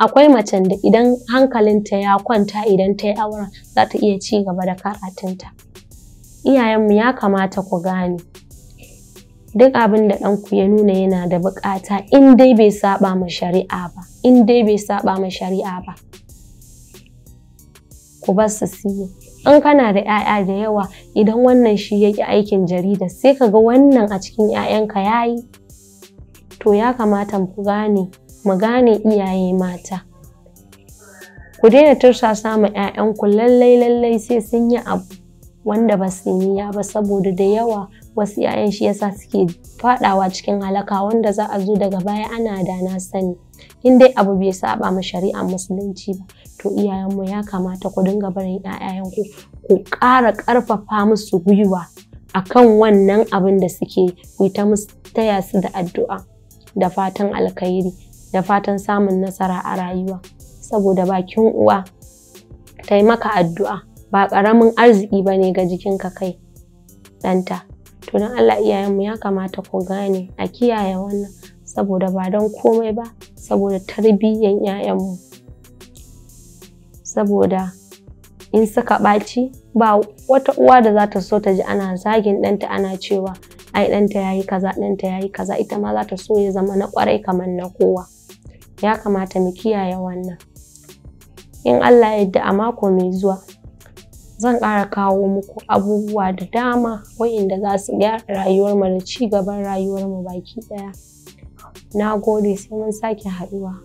akwai macen da idan hankalinta ya kwanta idan ta yi auren za ta iya ci gaba da karatunta iyayenmu ya kamata ku gane duk abin da ɗanku ya nuna yana da buƙata in dai bai saba ma shari'a ba in dai bai saba ma shari'a ba ku bar su siye in kana da 'ya'ya da yawa idan wannan shi ya ƙi aikin jarida sai ka ga wannan a cikin 'ya'yanka ya yi to ya kamata ku gane mu gane iyaye mata ku daina tursasa ma 'ya'yanku lallai lallai sai sun yi abu wanda ba su yi niyya ba saboda da yawa wasu 'ya'yan shi yasa suke fadawa cikin halaka wanda za a zo daga baya ana da na sani in dai abu bai saba ma shari'ar musulunci ba to iyayenmu ya kamata ku dinga barin 'ya'yanku ku ƙara ƙarfafa musu gwiwa akan wannan abin da suke ku ta musu taya su da addu'a da fatan alkhairi da fatan samun nasara a rayuwa saboda bakin uwa ta yi maka addu'a ba ƙaramin arziki ba ne ga jikinka kai ɗanta tunan Allah iyayenmu ya kamata ku gane a kiyaye wannan saboda ba don komai ba saboda tarbiyyan 'ya'yanmu saboda in suka ɓaci ba wata uwa da za ta so ta ji ana zagin ɗanta ana cewa ai ɗanta ya yi kaza ɗanta ya yi kaza ita ma za ta so ya zama na kwarai kamar na kowa. ya kamata mu kiyaye wannan in allah ya yadda a mako mai zuwa zan ƙara kawo muku abubuwa da dama waɗanda za su gyara rayuwarmu da ci gaban rayuwarmu baki ɗaya na gode sai mun sake haɗuwa